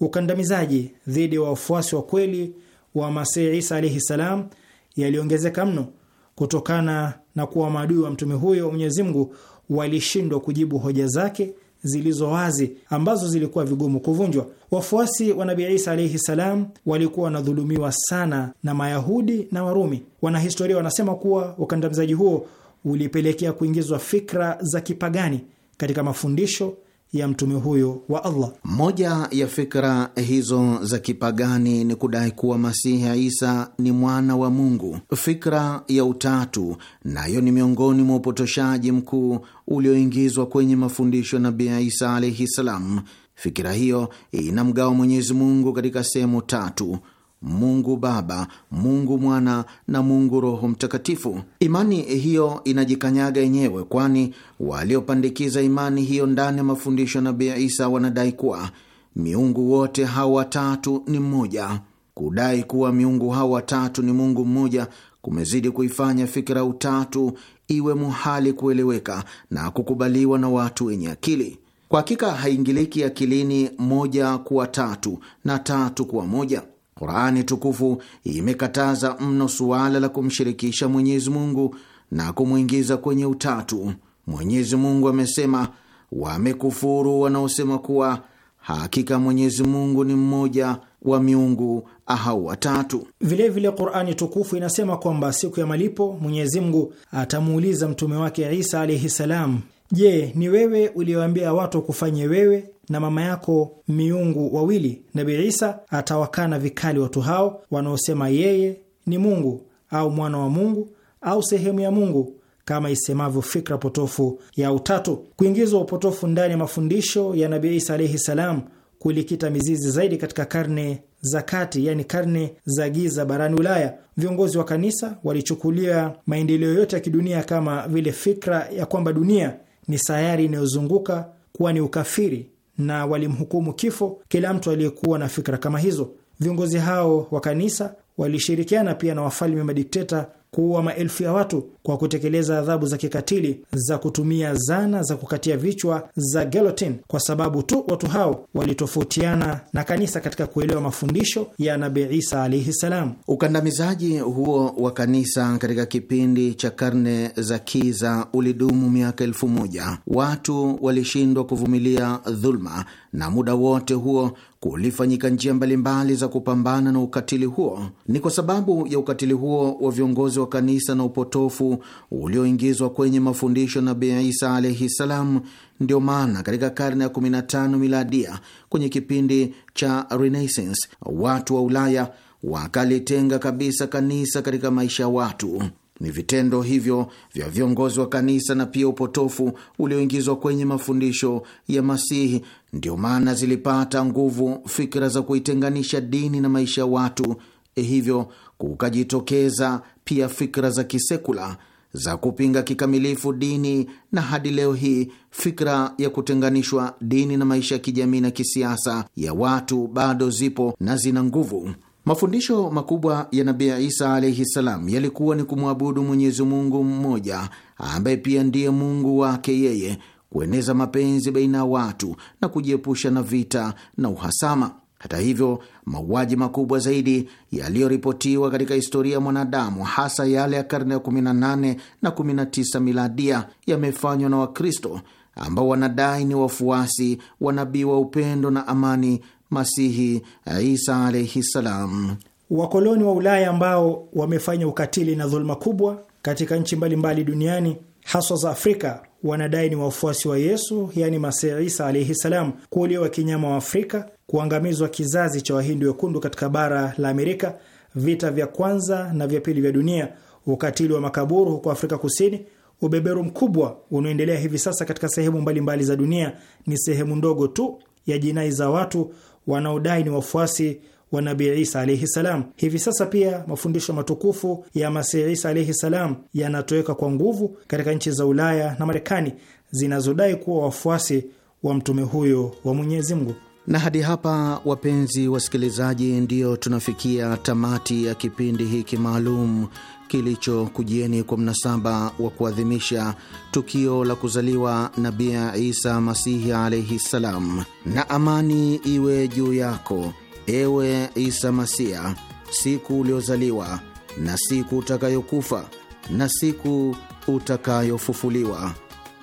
Ukandamizaji dhidi ya wa wafuasi wa kweli wa Masihi Isa alaihi salam yaliongezeka mno kutokana na kuwa maadui wa mtume huyo wa Mwenyezi Mungu walishindwa kujibu hoja zake zilizo wazi ambazo zilikuwa vigumu kuvunjwa. Wafuasi wa Nabii Isa alaihi salam walikuwa wanadhulumiwa sana na Mayahudi na Warumi. Wanahistoria wanasema kuwa ukandamizaji huo ulipelekea kuingizwa fikra za kipagani katika mafundisho ya mtume huyo wa Allah. Moja ya fikra hizo za kipagani ni kudai kuwa Masihi Isa ni mwana wa Mungu. Fikra ya utatu nayo ni miongoni mwa upotoshaji mkuu ulioingizwa kwenye mafundisho ya Nabii Isa alaihi salam. Fikira hiyo ina Mwenyezi Mungu katika sehemu tatu. Mungu Baba, Mungu Mwana na Mungu Roho Mtakatifu. Imani hiyo inajikanyaga yenyewe, kwani waliopandikiza imani hiyo ndani ya mafundisho ya Nabii Isa wanadai kuwa miungu wote hawa watatu ni mmoja. Kudai kuwa miungu hawa watatu ni Mungu mmoja kumezidi kuifanya fikira utatu iwe muhali kueleweka na kukubaliwa na watu wenye akili. Kwa hakika haingiliki akilini moja kuwa tatu na tatu kuwa moja. Qurani tukufu imekataza mno suala la kumshirikisha Mwenyezi Mungu na kumwingiza kwenye utatu. Mwenyezi Mungu amesema, wamekufuru wanaosema kuwa hakika Mwenyezi Mungu ni mmoja wa miungu ahau watatu. Vilevile Qurani tukufu inasema kwamba siku ya malipo Mwenyezi Mungu atamuuliza mtume wake Isa alaihi salam, je, ni wewe ulioambia watu kufanye wewe na mama yako miungu wawili, Nabii Isa atawakana vikali watu hao wanaosema yeye ni Mungu au mwana wa Mungu au sehemu ya Mungu kama isemavyo fikra potofu ya utatu. Kuingizwa upotofu ndani ya mafundisho ya nabi Isa alaihi salam kulikita mizizi zaidi katika karne za kati, yaani karne za giza barani Ulaya. Viongozi wa kanisa walichukulia maendeleo yote ya kidunia kama vile fikra ya kwamba dunia ni sayari inayozunguka kuwa ni ukafiri na walimhukumu kifo kila mtu aliyekuwa na fikra kama hizo. Viongozi hao wa kanisa walishirikiana pia na wafalme madikteta kuua maelfu ya watu kwa kutekeleza adhabu za kikatili za kutumia zana za kukatia vichwa za gelotin kwa sababu tu watu hao walitofautiana na kanisa katika kuelewa mafundisho ya nabi Isa alaihi salam. Ukandamizaji huo wa kanisa katika kipindi cha karne za kiza ulidumu miaka elfu moja. Watu walishindwa kuvumilia dhuluma na muda wote huo kulifanyika njia mbalimbali za kupambana na ukatili huo. Ni kwa sababu ya ukatili huo wa viongozi wa kanisa na upotofu ulioingizwa kwenye mafundisho Nabii Isa alaihi salam, ndio maana katika karne ya 15 miladia, kwenye kipindi cha Renaissance, watu wa Ulaya wakalitenga kabisa kanisa katika maisha ya watu. Ni vitendo hivyo vya viongozi wa kanisa na pia upotofu ulioingizwa kwenye mafundisho ya Masihi ndio maana zilipata nguvu fikra za kuitenganisha dini na maisha ya watu, eh, hivyo kukajitokeza pia fikra za kisekula za kupinga kikamilifu dini, na hadi leo hii fikra ya kutenganishwa dini na maisha ya kijamii na kisiasa ya watu bado zipo na zina nguvu. Mafundisho makubwa ya Nabii Isa alaihi salam yalikuwa ni kumwabudu Mwenyezi Mungu mmoja ambaye pia ndiye Mungu wake yeye kueneza mapenzi baina ya watu na kujiepusha na vita na uhasama. Hata hivyo, mauaji makubwa zaidi yaliyoripotiwa katika historia ya mwanadamu, hasa yale ya karne ya 18 na 19 miladia, yamefanywa na Wakristo ambao wanadai ni wafuasi wa nabii wa upendo na amani, Masihi Isa alaihi ssalam. Wakoloni wa Ulaya ambao wamefanya ukatili na dhuluma kubwa katika nchi mbalimbali duniani haswa za Afrika wanadai ni wafuasi wa Yesu, yaani Masih Isa alaihi salam, kuuliwa kinyama wa Afrika, kuangamizwa kizazi cha wahindi wekundu katika bara la Amerika, vita vya kwanza na vya pili vya dunia, ukatili wa makaburu huko Afrika Kusini, ubeberu mkubwa unaoendelea hivi sasa katika sehemu mbalimbali mbali za dunia, ni sehemu ndogo tu ya jinai za watu wanaodai ni wafuasi wa Nabii Isa alaihi salam. Hivi sasa pia mafundisho matukufu ya Masihi Isa alaihi salam yanatoweka kwa nguvu katika nchi za Ulaya na Marekani zinazodai kuwa wafuasi wa mtume huyo wa Mwenyezi Mungu. Na hadi hapa, wapenzi wasikilizaji, ndiyo tunafikia tamati ya kipindi hiki maalum kilichokujieni kwa mnasaba wa kuadhimisha tukio la kuzaliwa Nabii Isa Masihi alaihi ssalam. Na amani iwe juu yako Ewe Isa Masia, siku uliozaliwa na siku utakayokufa na siku utakayofufuliwa.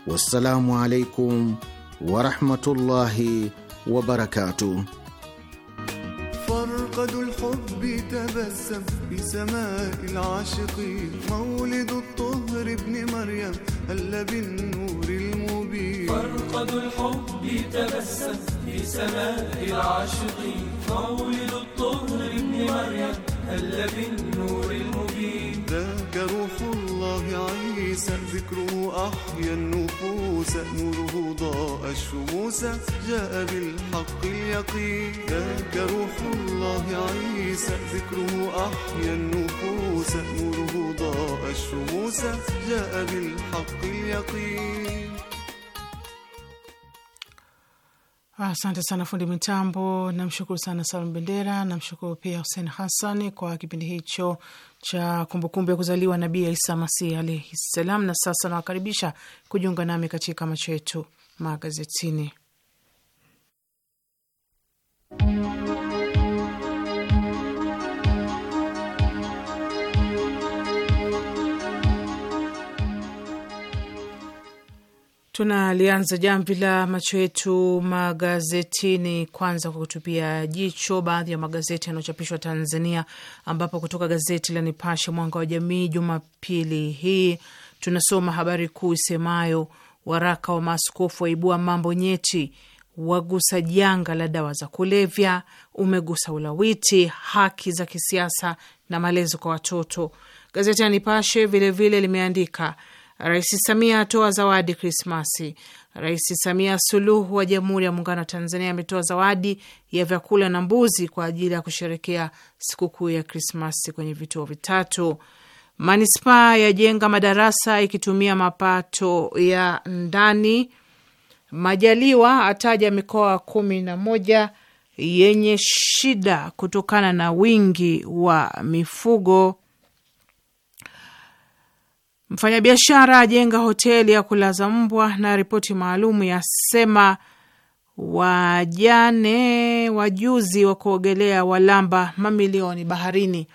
Wassalamu alaikum warahmatullahi wabarakatuh. فرقد الحب تبسم بسماء العاشقين مولد الطهر ابن مريم هل بالنور المبين فرقد الحب تبسم بسماء العاشقين مولد الطهر ابن مريم هل بالنور المبين عيسى ذكره أحيا النفوس نوره ضاء الشموس جاء بالحق اليقين ذاك روح الله عيسى ذكره أحيا النفوس نوره ضاء الشموس جاء بالحق اليقين ah, Asante sana fundi mitambo, namshukuru sana Salum Bendera, namshukuru pia Hussein Hassani kwa kipindi hicho cha kumbukumbu ya kuzaliwa Nabii Isa Masih alaihi salam. Na sasa nawakaribisha kujiunga nami katika macho yetu magazetini. Tunalianza jamvi la macho yetu magazetini kwanza kwa kutupia jicho baadhi ya magazeti yanayochapishwa Tanzania, ambapo kutoka gazeti la Nipashe Mwanga wa Jamii Jumapili hii tunasoma habari kuu isemayo waraka wa maaskofu waibua mambo nyeti, wagusa janga la dawa za kulevya, umegusa ulawiti, haki za kisiasa na malezi kwa watoto. Gazeti la Nipashe vilevile limeandika Rais Samia atoa zawadi Krismasi. Rais Samia Suluhu wa Jamhuri ya Muungano wa Tanzania ametoa zawadi ya vyakula na mbuzi kwa ajili ya kusherekea sikukuu ya Krismasi kwenye vituo vitatu. Manispaa yajenga madarasa ikitumia mapato ya ndani. Majaliwa ataja mikoa kumi na moja yenye shida kutokana na wingi wa mifugo Mfanyabiashara ajenga hoteli ya kulaza mbwa, na ripoti maalum yasema wajane wajuzi wa kuogelea walamba mamilioni baharini.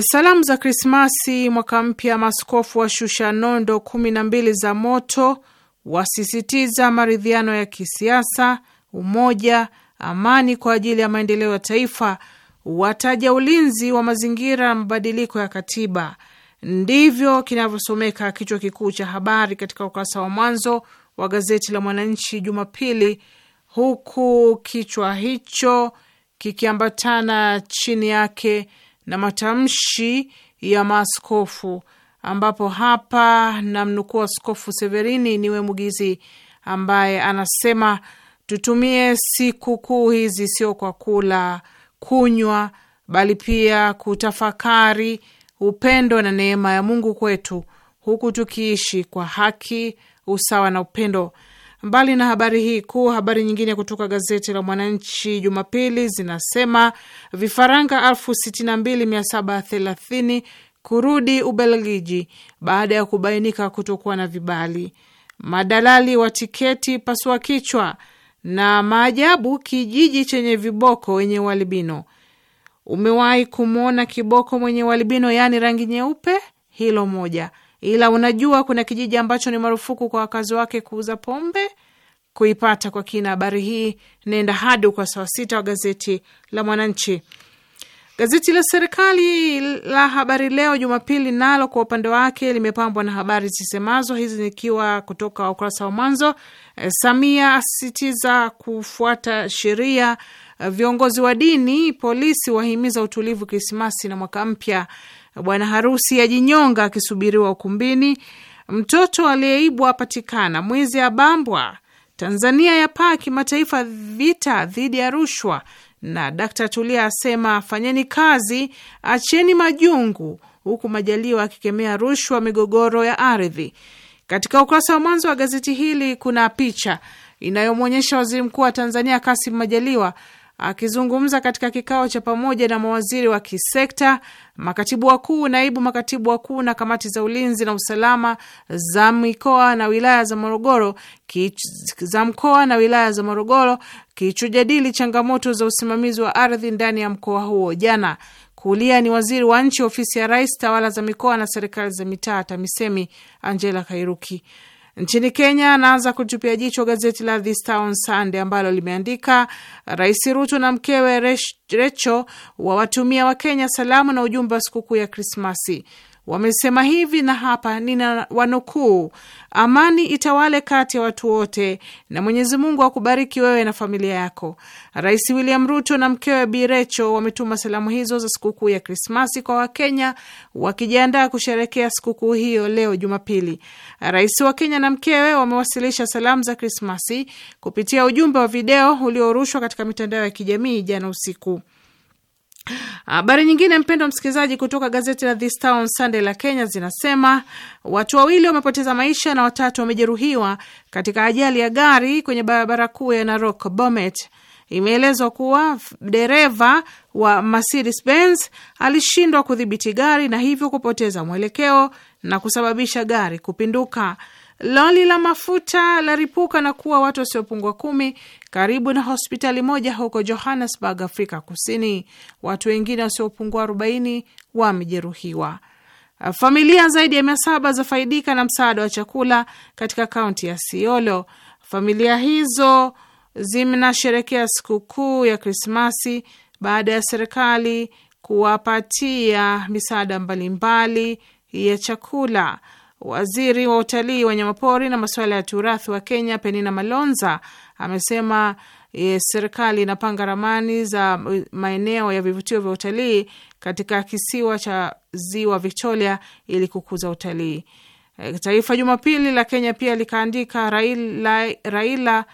Salamu za Krismasi, mwaka mpya. Maskofu washusha nondo kumi na mbili za moto, wasisitiza maridhiano ya kisiasa, umoja, amani kwa ajili ya maendeleo ya taifa, wataja ulinzi wa mazingira na mabadiliko ya katiba Ndivyo kinavyosomeka kichwa kikuu cha habari katika ukurasa wa mwanzo wa gazeti la Mwananchi Jumapili, huku kichwa hicho kikiambatana chini yake na matamshi ya maaskofu, ambapo hapa namnukuu Askofu Severini Niwe Mugizi ambaye anasema tutumie siku kuu hizi sio kwa kula kunywa, bali pia kutafakari upendo na neema ya Mungu kwetu huku tukiishi kwa haki, usawa na upendo. Mbali na habari hii kuu, habari nyingine kutoka gazeti la Mwananchi Jumapili zinasema vifaranga 62730 kurudi Ubelgiji baada ya kubainika kutokuwa na vibali, madalali wa tiketi pasua kichwa, na maajabu kijiji chenye viboko wenye ualbino. Umewahi kumwona kiboko mwenye ualbino, yaani rangi nyeupe? Hilo moja. Ila unajua kuna kijiji ambacho ni marufuku kwa wakazi wake kuuza pombe? Kuipata kwa kina habari hii, nenda hadi ukurasa wa sita wa gazeti la Mwananchi. Gazeti la serikali la Habari Leo Jumapili nalo kwa upande wake limepambwa na habari zisemazo hizi, nikiwa kutoka ukurasa wa mwanzo. Samia asisitiza kufuata sheria Viongozi wa dini, polisi wahimiza utulivu Krismasi na mwaka mpya. Bwana harusi ajinyonga akisubiriwa ukumbini. Mtoto aliyeibwa apatikana. Mwizi abambwa. Tanzania yapaa kimataifa vita dhidi ya rushwa. Na Dkt Tulia asema fanyeni kazi, acheni majungu, huku Majaliwa akikemea rushwa, migogoro ya ardhi. Katika ukurasa wa mwanzo wa gazeti hili kuna picha inayomwonyesha waziri mkuu wa Tanzania Kasim Majaliwa Akizungumza katika kikao cha pamoja na mawaziri wa kisekta, makatibu wakuu, naibu makatibu wakuu na kamati za ulinzi na usalama za mikoa na wilaya za Morogoro za mkoa na wilaya za Morogoro kilichojadili changamoto za usimamizi wa ardhi ndani ya mkoa huo jana. Kulia ni waziri wa nchi ofisi ya Rais, tawala za mikoa na serikali za mitaa, TAMISEMI, Angela Kairuki. Nchini Kenya, anaanza kutupia jicho gazeti la The Standard Sunday ambalo limeandika Rais Ruto na mkewe Recho wawatumia Wakenya salamu na ujumbe wa sikukuu ya Krismasi. Wamesema hivi na hapa nina wanukuu: amani itawale kati ya watu wote na Mwenyezi Mungu akubariki wewe na familia yako. Rais William Ruto na mkewe Bi Recho wametuma salamu hizo za sikukuu ya Krismasi kwa Wakenya wakijiandaa kusherekea sikukuu hiyo leo Jumapili. Rais wa Kenya na mkewe wamewasilisha salamu za Krismasi kupitia ujumbe wa video uliorushwa katika mitandao ya kijamii jana usiku. Habari nyingine, mpendo msikilizaji, kutoka gazeti la This Town Sunday la Kenya zinasema watu wawili wamepoteza maisha na watatu wamejeruhiwa katika ajali ya gari kwenye barabara kuu ya Narok Bomet. Imeelezwa kuwa dereva wa Mercedes Benz alishindwa kudhibiti gari na hivyo kupoteza mwelekeo na kusababisha gari kupinduka. loli la mafuta laripuka na kuwa watu wasiopungua kumi karibu na hospitali moja huko Johannesburg, Afrika Kusini. Watu wengine wasiopungua 40 wamejeruhiwa. Familia zaidi ya mia saba zafaidika na msaada wa chakula katika kaunti ya Siolo. Familia hizo zinasherekea sikukuu ya Krismasi baada ya serikali kuwapatia misaada mbalimbali ya chakula. Waziri wa utalii, wanyamapori na masuala ya turathi wa Kenya, Penina Malonza, amesema e, serikali inapanga ramani za maeneo ya vivutio vya utalii katika kisiwa cha ziwa Victoria ili kukuza utalii. E, Taifa Jumapili la Kenya pia likaandika Raila, Raila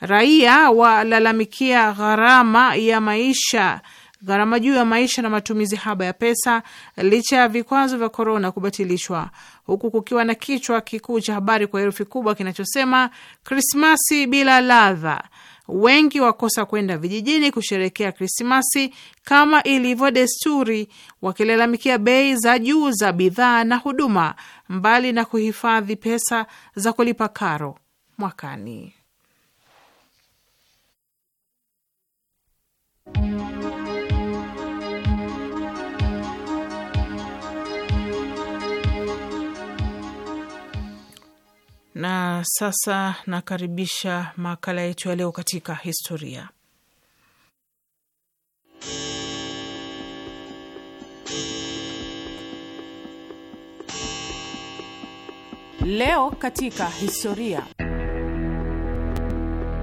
raia walalamikia gharama ya maisha gharama juu ya maisha na matumizi haba ya pesa licha ya vikwazo vya korona kubatilishwa, huku kukiwa na kichwa kikuu cha habari kwa herufi kubwa kinachosema Krismasi bila ladha, wengi wakosa kwenda vijijini kusherekea Krismasi kama ilivyo desturi, wakilalamikia bei za juu za bidhaa na huduma, mbali na kuhifadhi pesa za kulipa karo mwakani. Na sasa nakaribisha makala yetu ya leo katika historia. Leo katika historia.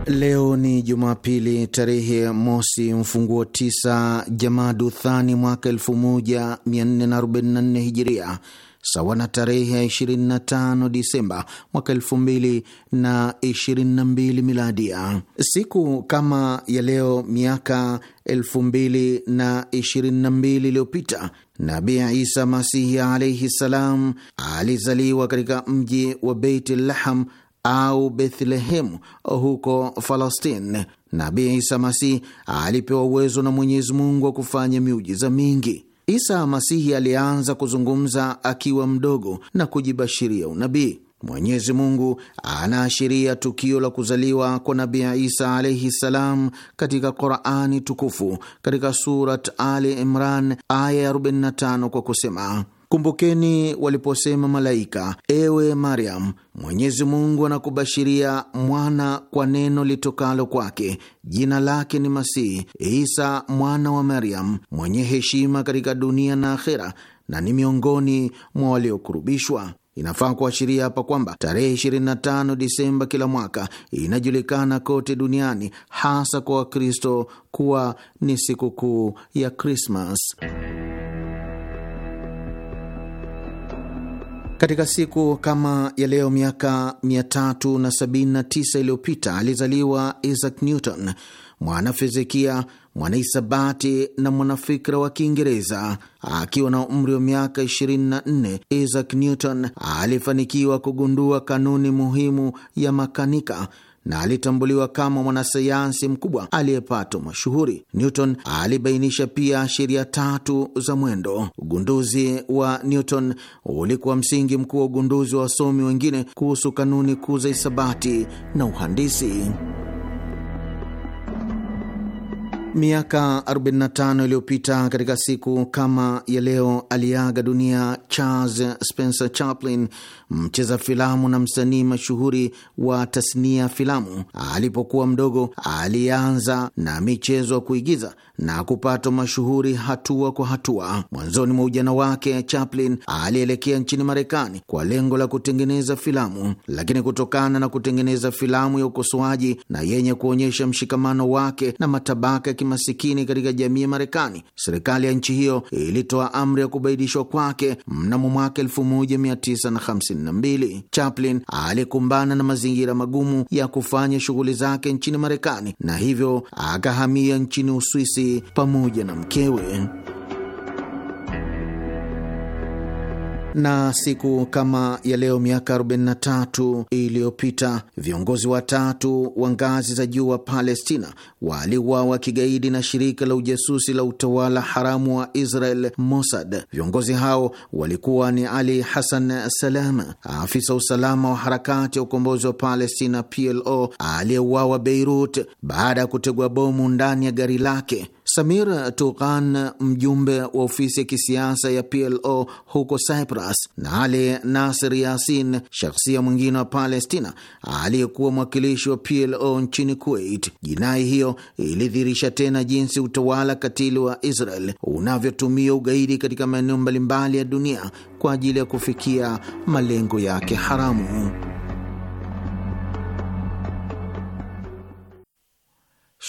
Leo ni Jumapili tarehe mosi mfunguo tisa Jamadu Thani mwaka 1444 hijiria sawa na tarehe ya 25 Disemba mwaka 2022 miladia. Siku kama ya leo miaka 222 iliyopita Nabi Isa Masihi alaihi salam alizaliwa katika mji wa Beit Laham au Bethlehemu huko Falastin. Nabi Isa Masihi alipewa uwezo na Mwenyezi Mungu wa kufanya miujiza mingi. Isa Masihi alianza kuzungumza akiwa mdogo na kujibashiria unabii. Mwenyezi Mungu anaashiria tukio la kuzaliwa kwa Nabii Isa alaihi ssalam katika Qurani tukufu katika Surat Ali Imran aya 45 kwa kusema Kumbukeni waliposema malaika, ewe Mariam, Mwenyezi Mungu anakubashiria mwana kwa neno litokalo kwake, jina lake ni Masihi Isa mwana wa Mariam, mwenye heshima katika dunia na akhera, na ni miongoni mwa waliokurubishwa. Inafaa kuashiria hapa kwamba tarehe 25 Disemba kila mwaka inajulikana kote duniani, hasa kwa Wakristo, kuwa ni sikukuu ya Krismas. Katika siku kama ya leo miaka 379 iliyopita alizaliwa Isaac Newton, mwanafizikia, mwanahisabati na mwanafikra wa Kiingereza. Akiwa na umri wa miaka 24, Isaac Newton alifanikiwa kugundua kanuni muhimu ya makanika na alitambuliwa kama mwanasayansi mkubwa aliyepata mashuhuri. Newton alibainisha pia sheria tatu za mwendo. Ugunduzi wa Newton ulikuwa msingi mkuu wa ugunduzi wa wasomi wengine kuhusu kanuni kuu za hisabati na uhandisi. Miaka 45 iliyopita katika siku kama ya leo aliaga dunia Charles Spencer Chaplin, mcheza filamu na msanii mashuhuri wa tasnia filamu. Alipokuwa mdogo, alianza na michezo ya kuigiza na kupata mashuhuri hatua kwa hatua. Mwanzoni mwa ujana wake, Chaplin alielekea nchini Marekani kwa lengo la kutengeneza filamu, lakini kutokana na kutengeneza filamu ya ukosoaji na yenye kuonyesha mshikamano wake na matabaka kimasikini katika jamii ya Marekani. Serikali ya nchi hiyo ilitoa amri ya kubaidishwa kwake mnamo mwaka 1952. Chaplin alikumbana na mazingira magumu ya kufanya shughuli zake nchini Marekani na hivyo akahamia nchini Uswisi pamoja na mkewe. Na siku kama ya leo miaka 43 iliyopita viongozi watatu wa ngazi za juu wa Palestina waliuawa kigaidi na shirika la ujasusi la utawala haramu wa Israel, Mossad. Viongozi hao walikuwa ni Ali Hassan salam afisa usalama wa harakati ya ukombozi wa Palestina PLO, aliyeuawa Beirut baada ya kutegwa bomu ndani ya gari lake Samir Tukan, mjumbe wa ofisi ya kisiasa ya PLO huko Cyprus, na Ali Nasir Yasin, shakhsia mwingine wa Palestina aliyekuwa mwakilishi wa PLO nchini Kuwait. Jinai hiyo ilidhihirisha tena jinsi utawala katili wa Israel unavyotumia ugaidi katika maeneo mbalimbali ya dunia kwa ajili ya kufikia malengo yake haramu.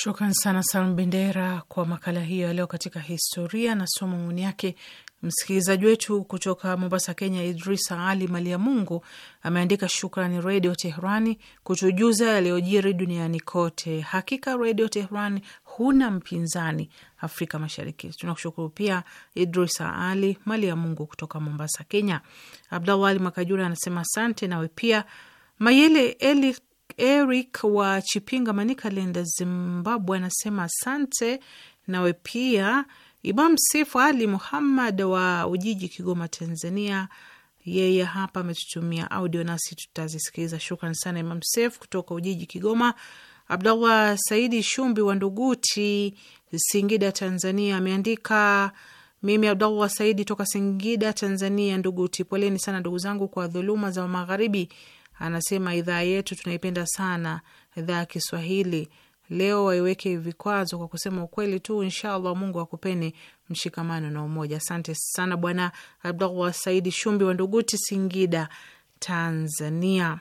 Shukran sana Salm Bendera kwa makala hiyo ya leo katika historia na somo maoni yake. Msikilizaji wetu kutoka Mombasa, Kenya, Idrisa Ali Malia Mungu ameandika shukrani Redio Teherani kutujuza yaliyojiri duniani kote. Hakika Redio Teherani huna mpinzani Afrika Mashariki. Tunakushukuru pia Idrisa Ali Malia Mungu kutoka Mombasa, Kenya. Abdallah Ali Makajura anasema asante. Nawe pia Mayele Eli Eric wa Chipinga, Manicaland, Zimbabwe, anasema asante. Nawe pia Imam Sifu Ali Muhammad wa Ujiji, Kigoma, Tanzania, yeye hapa ametutumia audio nasi tutazisikiliza. Shukran sana Imam Sef kutoka Ujiji, Kigoma. Abdallah Saidi Shumbi wa Nduguti, Singida, Tanzania ameandika mimi Abdallah Saidi toka Singida, Tanzania. Nduguti, poleni sana ndugu zangu kwa dhuluma za Magharibi. Anasema idhaa yetu tunaipenda sana, idhaa ya Kiswahili. Leo waiweke vikwazo kwa kusema ukweli tu. Inshallah, Mungu akupeni mshikamano na umoja. Asante sana Bwana Abdallah Saidi Shumbi wa Nduguti, Singida, Tanzania.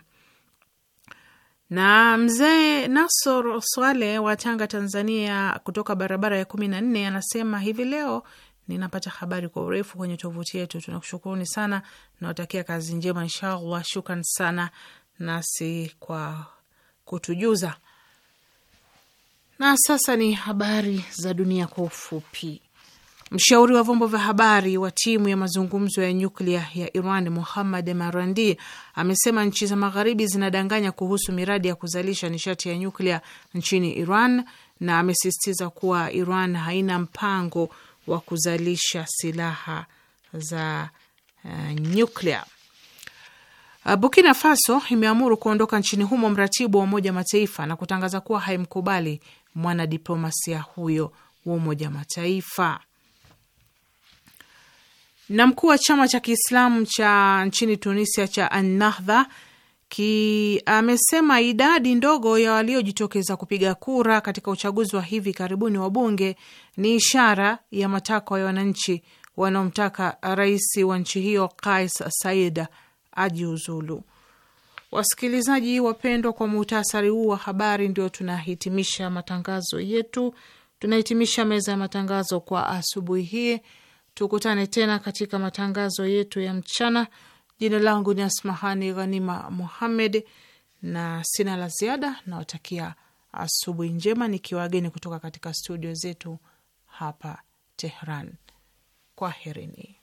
Na mzee Nasor Swale wa Tanga, Tanzania, kutoka barabara ya kumi na nne anasema hivi leo ninapata habari kwa urefu kwenye tovuti yetu. Tunakushukuruni sana, nawatakia kazi njema inshallah. Shukran sana nasi kwa kutujuza. Na sasa ni habari za dunia kwa ufupi. Mshauri wa vyombo vya habari wa timu ya mazungumzo ya nyuklia ya Iran Muhammad Marandi amesema nchi za Magharibi zinadanganya kuhusu miradi ya kuzalisha nishati ya nyuklia nchini Iran, na amesisitiza kuwa Iran haina mpango wa kuzalisha silaha za uh, nyuklia. Eh, Burkina Faso imeamuru kuondoka nchini humo mratibu wa Umoja Mataifa na kutangaza kuwa haimkubali mwanadiplomasia huyo wa Umoja Mataifa. Na mkuu wa chama cha Kiislamu cha nchini Tunisia cha Annahdha Ki amesema idadi ndogo ya waliojitokeza kupiga kura katika uchaguzi wa hivi karibuni wa bunge ni ishara ya matakwa ya wananchi wanaomtaka rais wa nchi hiyo Kais said ajiuzulu. Wasikilizaji wapendwa, kwa muhtasari huu wa habari ndio tunahitimisha matangazo yetu, tunahitimisha meza ya matangazo kwa asubuhi hii. Tukutane tena katika matangazo yetu ya mchana Jina langu ni Asmahani Ghanima Muhammed na sina la ziada. Nawatakia asubuhi njema, nikiwageni kutoka katika studio zetu hapa Tehran. Kwaherini.